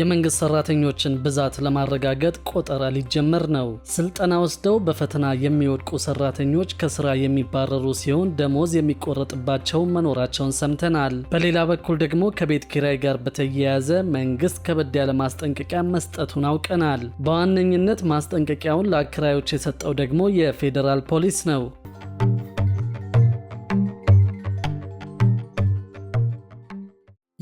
የመንግስት ሰራተኞችን ብዛት ለማረጋገጥ ቆጠራ ሊጀመር ነው። ስልጠና ወስደው በፈተና የሚወድቁ ሰራተኞች ከስራ የሚባረሩ ሲሆን ደሞዝ የሚቆረጥባቸው መኖራቸውን ሰምተናል። በሌላ በኩል ደግሞ ከቤት ኪራይ ጋር በተያያዘ መንግስት ከበድ ያለ ማስጠንቀቂያ መስጠቱን አውቀናል። በዋነኝነት ማስጠንቀቂያውን ለአከራዮች የሰጠው ደግሞ የፌዴራል ፖሊስ ነው።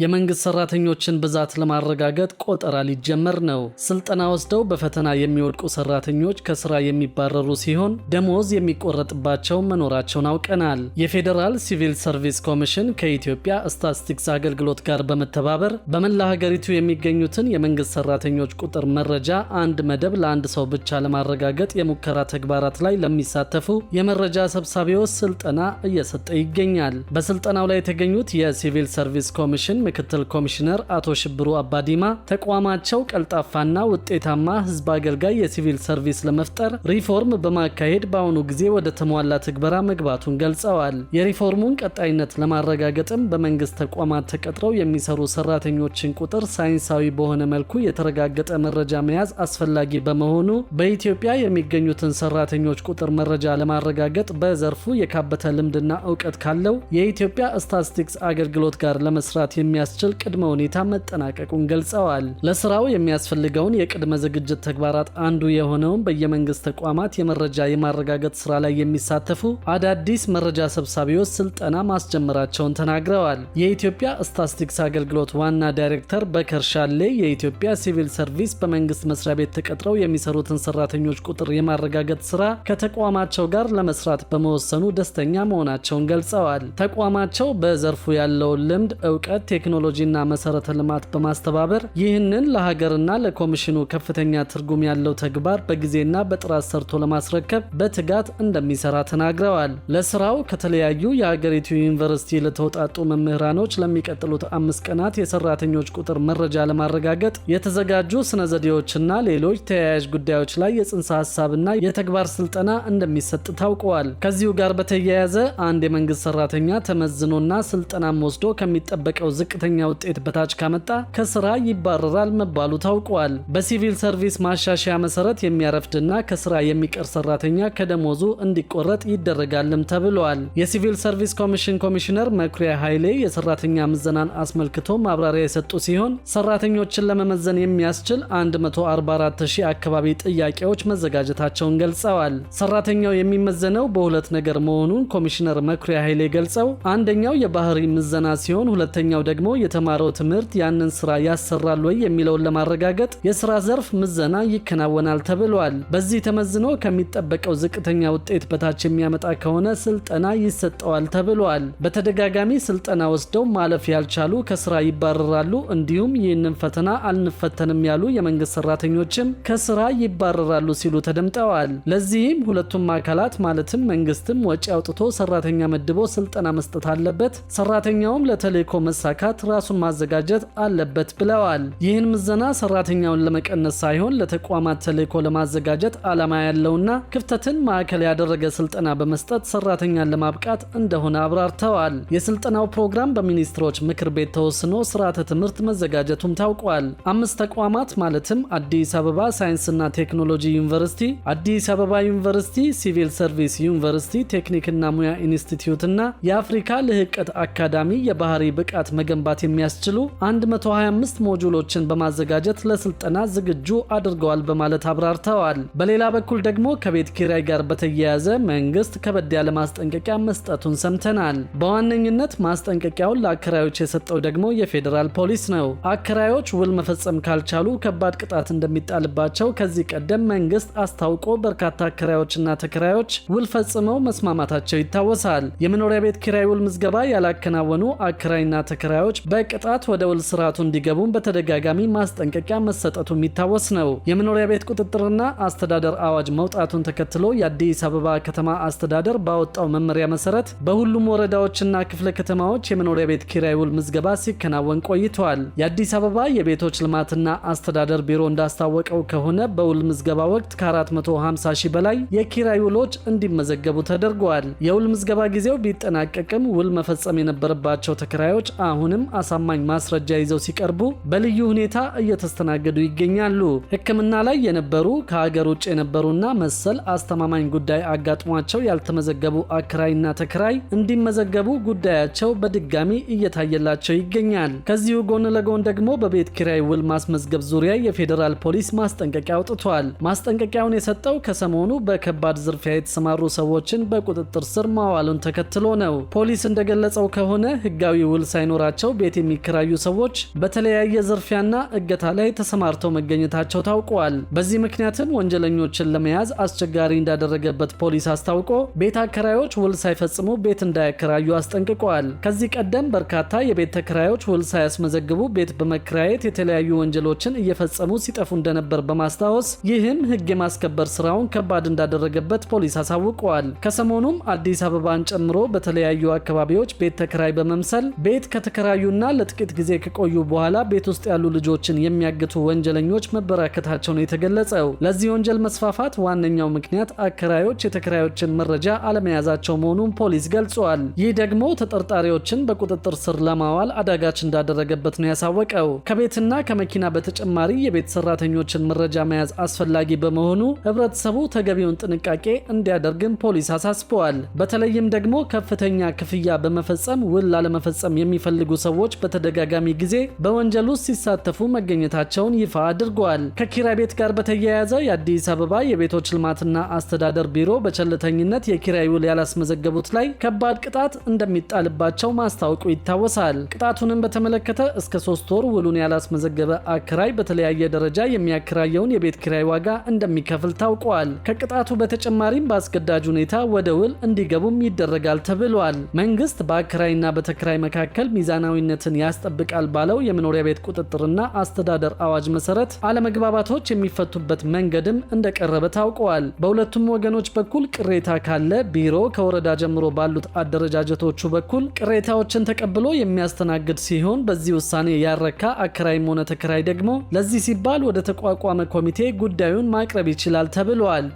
የመንግስት ሰራተኞችን ብዛት ለማረጋገጥ ቆጠራ ሊጀመር ነው። ስልጠና ወስደው በፈተና የሚወድቁ ሰራተኞች ከስራ የሚባረሩ ሲሆን ደሞዝ የሚቆረጥባቸው መኖራቸውን አውቀናል። የፌዴራል ሲቪል ሰርቪስ ኮሚሽን ከኢትዮጵያ ስታትስቲክስ አገልግሎት ጋር በመተባበር በመላ ሀገሪቱ የሚገኙትን የመንግስት ሰራተኞች ቁጥር መረጃ አንድ መደብ ለአንድ ሰው ብቻ ለማረጋገጥ የሙከራ ተግባራት ላይ ለሚሳተፉ የመረጃ ሰብሳቢዎች ስልጠና እየሰጠ ይገኛል። በስልጠናው ላይ የተገኙት የሲቪል ሰርቪስ ኮሚሽን ምክትል ኮሚሽነር አቶ ሽብሩ አባዲማ ተቋማቸው ቀልጣፋና ውጤታማ ህዝብ አገልጋይ የሲቪል ሰርቪስ ለመፍጠር ሪፎርም በማካሄድ በአሁኑ ጊዜ ወደ ተሟላ ትግበራ መግባቱን ገልጸዋል። የሪፎርሙን ቀጣይነት ለማረጋገጥም በመንግስት ተቋማት ተቀጥረው የሚሰሩ ሰራተኞችን ቁጥር ሳይንሳዊ በሆነ መልኩ የተረጋገጠ መረጃ መያዝ አስፈላጊ በመሆኑ በኢትዮጵያ የሚገኙትን ሰራተኞች ቁጥር መረጃ ለማረጋገጥ በዘርፉ የካበተ ልምድና እውቀት ካለው የኢትዮጵያ ስታትስቲክስ አገልግሎት ጋር ለመስራት የሚ የሚያስችል ቅድመ ሁኔታ መጠናቀቁን ገልጸዋል። ለስራው የሚያስፈልገውን የቅድመ ዝግጅት ተግባራት አንዱ የሆነውን በየመንግስት ተቋማት የመረጃ የማረጋገጥ ስራ ላይ የሚሳተፉ አዳዲስ መረጃ ሰብሳቢዎች ስልጠና ማስጀመራቸውን ተናግረዋል። የኢትዮጵያ ስታስቲክስ አገልግሎት ዋና ዳይሬክተር በከር ሻሌ የኢትዮጵያ ሲቪል ሰርቪስ በመንግስት መስሪያ ቤት ተቀጥረው የሚሰሩትን ሰራተኞች ቁጥር የማረጋገጥ ስራ ከተቋማቸው ጋር ለመስራት በመወሰኑ ደስተኛ መሆናቸውን ገልጸዋል። ተቋማቸው በዘርፉ ያለውን ልምድ፣ እውቀት፣ ቴክኖሎጂና መሰረተ ልማት በማስተባበር ይህንን ለሀገርና ለኮሚሽኑ ከፍተኛ ትርጉም ያለው ተግባር በጊዜና በጥራት ሰርቶ ለማስረከብ በትጋት እንደሚሰራ ተናግረዋል። ለስራው ከተለያዩ የሀገሪቱ ዩኒቨርሲቲ ለተውጣጡ መምህራኖች ለሚቀጥሉት አምስት ቀናት የሰራተኞች ቁጥር መረጃ ለማረጋገጥ የተዘጋጁ ስነ ዘዴዎችና ሌሎች ተያያዥ ጉዳዮች ላይ የጽንሰ ሀሳብና የተግባር ስልጠና እንደሚሰጥ ታውቀዋል። ከዚሁ ጋር በተያያዘ አንድ የመንግስት ሰራተኛ ተመዝኖና ስልጠናም ወስዶ ከሚጠበቀው ዝቅ ዝቅተኛ ውጤት በታች ካመጣ ከስራ ይባረራል መባሉ ታውቋል። በሲቪል ሰርቪስ ማሻሻያ መሰረት የሚያረፍድና ከስራ የሚቀር ሰራተኛ ከደሞዙ እንዲቆረጥ ይደረጋልም ተብሏል። የሲቪል ሰርቪስ ኮሚሽን ኮሚሽነር መኩሪያ ኃይሌ የሰራተኛ ምዘናን አስመልክቶ ማብራሪያ የሰጡ ሲሆን ሰራተኞችን ለመመዘን የሚያስችል 144000 አካባቢ ጥያቄዎች መዘጋጀታቸውን ገልጸዋል። ሰራተኛው የሚመዘነው በሁለት ነገር መሆኑን ኮሚሽነር መኩሪያ ኃይሌ ገልጸው አንደኛው የባህሪ ምዘና ሲሆን ሁለተኛው ደግሞ ደግሞ የተማረው ትምህርት ያንን ስራ ያሰራል ወይ የሚለውን ለማረጋገጥ የስራ ዘርፍ ምዘና ይከናወናል ተብሏል። በዚህ ተመዝኖ ከሚጠበቀው ዝቅተኛ ውጤት በታች የሚያመጣ ከሆነ ስልጠና ይሰጠዋል ተብሏል። በተደጋጋሚ ስልጠና ወስደው ማለፍ ያልቻሉ ከስራ ይባረራሉ። እንዲሁም ይህንን ፈተና አልንፈተንም ያሉ የመንግስት ሰራተኞችም ከስራ ይባረራሉ ሲሉ ተደምጠዋል። ለዚህም ሁለቱም አካላት ማለትም መንግስትም ወጪ አውጥቶ ሰራተኛ መድቦ ስልጠና መስጠት አለበት። ሰራተኛውም ለተልዕኮ መሳካት አካላት ራሱን ማዘጋጀት አለበት ብለዋል። ይህን ምዘና ሰራተኛውን ለመቀነስ ሳይሆን ለተቋማት ተልዕኮ ለማዘጋጀት ዓላማ ያለውና ክፍተትን ማዕከል ያደረገ ስልጠና በመስጠት ሰራተኛን ለማብቃት እንደሆነ አብራርተዋል። የስልጠናው ፕሮግራም በሚኒስትሮች ምክር ቤት ተወስኖ ስርዓተ ትምህርት መዘጋጀቱም ታውቋል። አምስት ተቋማት ማለትም አዲስ አበባ ሳይንስና ቴክኖሎጂ ዩኒቨርሲቲ፣ አዲስ አበባ ዩኒቨርሲቲ፣ ሲቪል ሰርቪስ ዩኒቨርሲቲ፣ ቴክኒክና ሙያ ኢንስቲትዩት እና የአፍሪካ ልህቀት አካዳሚ የባህሪ ብቃት መገ ለመገንባት የሚያስችሉ 125 ሞጁሎችን በማዘጋጀት ለስልጠና ዝግጁ አድርገዋል በማለት አብራርተዋል። በሌላ በኩል ደግሞ ከቤት ኪራይ ጋር በተያያዘ መንግስት ከበድ ያለ ማስጠንቀቂያ መስጠቱን ሰምተናል። በዋነኝነት ማስጠንቀቂያውን ለአከራዮች የሰጠው ደግሞ የፌዴራል ፖሊስ ነው። አከራዮች ውል መፈጸም ካልቻሉ ከባድ ቅጣት እንደሚጣልባቸው ከዚህ ቀደም መንግስት አስታውቆ በርካታ አከራዮችና ተከራዮች ውል ፈጽመው መስማማታቸው ይታወሳል። የመኖሪያ ቤት ኪራይ ውል ምዝገባ ያላከናወኑ አከራይና ተከራዮች ተከላካዮች በቅጣት ወደ ውል ስርዓቱ እንዲገቡም በተደጋጋሚ ማስጠንቀቂያ መሰጠቱ የሚታወስ ነው። የመኖሪያ ቤት ቁጥጥርና አስተዳደር አዋጅ መውጣቱን ተከትሎ የአዲስ አበባ ከተማ አስተዳደር ባወጣው መመሪያ መሰረት በሁሉም ወረዳዎችና ክፍለ ከተማዎች የመኖሪያ ቤት ኪራይ ውል ምዝገባ ሲከናወን ቆይቷል። የአዲስ አበባ የቤቶች ልማትና አስተዳደር ቢሮ እንዳስታወቀው ከሆነ በውል ምዝገባ ወቅት ከ450 ሺህ በላይ የኪራይ ውሎች እንዲመዘገቡ ተደርጓል። የውል ምዝገባ ጊዜው ቢጠናቀቅም ውል መፈጸም የነበረባቸው ተከራዮች አሁንም ለማረጋገጥም አሳማኝ ማስረጃ ይዘው ሲቀርቡ በልዩ ሁኔታ እየተስተናገዱ ይገኛሉ። ሕክምና ላይ የነበሩ ከሀገር ውጭ የነበሩና መሰል አስተማማኝ ጉዳይ አጋጥሟቸው ያልተመዘገቡ አከራይና ተከራይ እንዲመዘገቡ ጉዳያቸው በድጋሚ እየታየላቸው ይገኛል። ከዚሁ ጎን ለጎን ደግሞ በቤት ኪራይ ውል ማስመዝገብ ዙሪያ የፌዴራል ፖሊስ ማስጠንቀቂያ አውጥቷል። ማስጠንቀቂያውን የሰጠው ከሰሞኑ በከባድ ዝርፊያ የተሰማሩ ሰዎችን በቁጥጥር ስር ማዋሉን ተከትሎ ነው። ፖሊስ እንደገለጸው ከሆነ ሕጋዊ ውል ሳይኖራቸው ያላቸው ቤት የሚከራዩ ሰዎች በተለያየ ዝርፊያና እገታ ላይ ተሰማርተው መገኘታቸው ታውቋል። በዚህ ምክንያትም ወንጀለኞችን ለመያዝ አስቸጋሪ እንዳደረገበት ፖሊስ አስታውቆ ቤት አከራዮች ውል ሳይፈጽሙ ቤት እንዳያከራዩ አስጠንቅቋል። ከዚህ ቀደም በርካታ የቤት ተከራዮች ውል ሳያስመዘግቡ ቤት በመከራየት የተለያዩ ወንጀሎችን እየፈጸሙ ሲጠፉ እንደነበር በማስታወስ ይህም ሕግ የማስከበር ስራውን ከባድ እንዳደረገበት ፖሊስ አሳውቋል። ከሰሞኑም አዲስ አበባን ጨምሮ በተለያዩ አካባቢዎች ቤት ተከራይ በመምሰል ቤት ከተከራ ከተለያዩና ለጥቂት ጊዜ ከቆዩ በኋላ ቤት ውስጥ ያሉ ልጆችን የሚያግቱ ወንጀለኞች መበራከታቸው ነው የተገለጸው። ለዚህ ወንጀል መስፋፋት ዋነኛው ምክንያት አከራዮች የተከራዮችን መረጃ አለመያዛቸው መሆኑን ፖሊስ ገልጿል። ይህ ደግሞ ተጠርጣሪዎችን በቁጥጥር ስር ለማዋል አዳጋች እንዳደረገበት ነው ያሳወቀው። ከቤትና ከመኪና በተጨማሪ የቤት ሰራተኞችን መረጃ መያዝ አስፈላጊ በመሆኑ ህብረተሰቡ ተገቢውን ጥንቃቄ እንዲያደርግም ፖሊስ አሳስበዋል። በተለይም ደግሞ ከፍተኛ ክፍያ በመፈጸም ውል ላለመፈጸም የሚፈልጉ ሰዎች በተደጋጋሚ ጊዜ በወንጀል ውስጥ ሲሳተፉ መገኘታቸውን ይፋ አድርጓል። ከኪራይ ቤት ጋር በተያያዘ የአዲስ አበባ የቤቶች ልማትና አስተዳደር ቢሮ በቸልተኝነት የኪራይ ውል ያላስመዘገቡት ላይ ከባድ ቅጣት እንደሚጣልባቸው ማስታወቁ ይታወሳል። ቅጣቱንም በተመለከተ እስከ ሶስት ወር ውሉን ያላስመዘገበ አከራይ በተለያየ ደረጃ የሚያከራየውን የቤት ኪራይ ዋጋ እንደሚከፍል ታውቋል። ከቅጣቱ በተጨማሪም በአስገዳጅ ሁኔታ ወደ ውል እንዲገቡም ይደረጋል ተብሏል። መንግስት በአከራይና በተከራይ መካከል ሚዛና ሚዛናዊነትን ያስጠብቃል ባለው የመኖሪያ ቤት ቁጥጥርና አስተዳደር አዋጅ መሰረት አለመግባባቶች የሚፈቱበት መንገድም እንደቀረበ ታውቀዋል። በሁለቱም ወገኖች በኩል ቅሬታ ካለ ቢሮ ከወረዳ ጀምሮ ባሉት አደረጃጀቶቹ በኩል ቅሬታዎችን ተቀብሎ የሚያስተናግድ ሲሆን በዚህ ውሳኔ ያረካ አከራይም ሆነ ተከራይ ደግሞ ለዚህ ሲባል ወደ ተቋቋመ ኮሚቴ ጉዳዩን ማቅረብ ይችላል ተብሏል።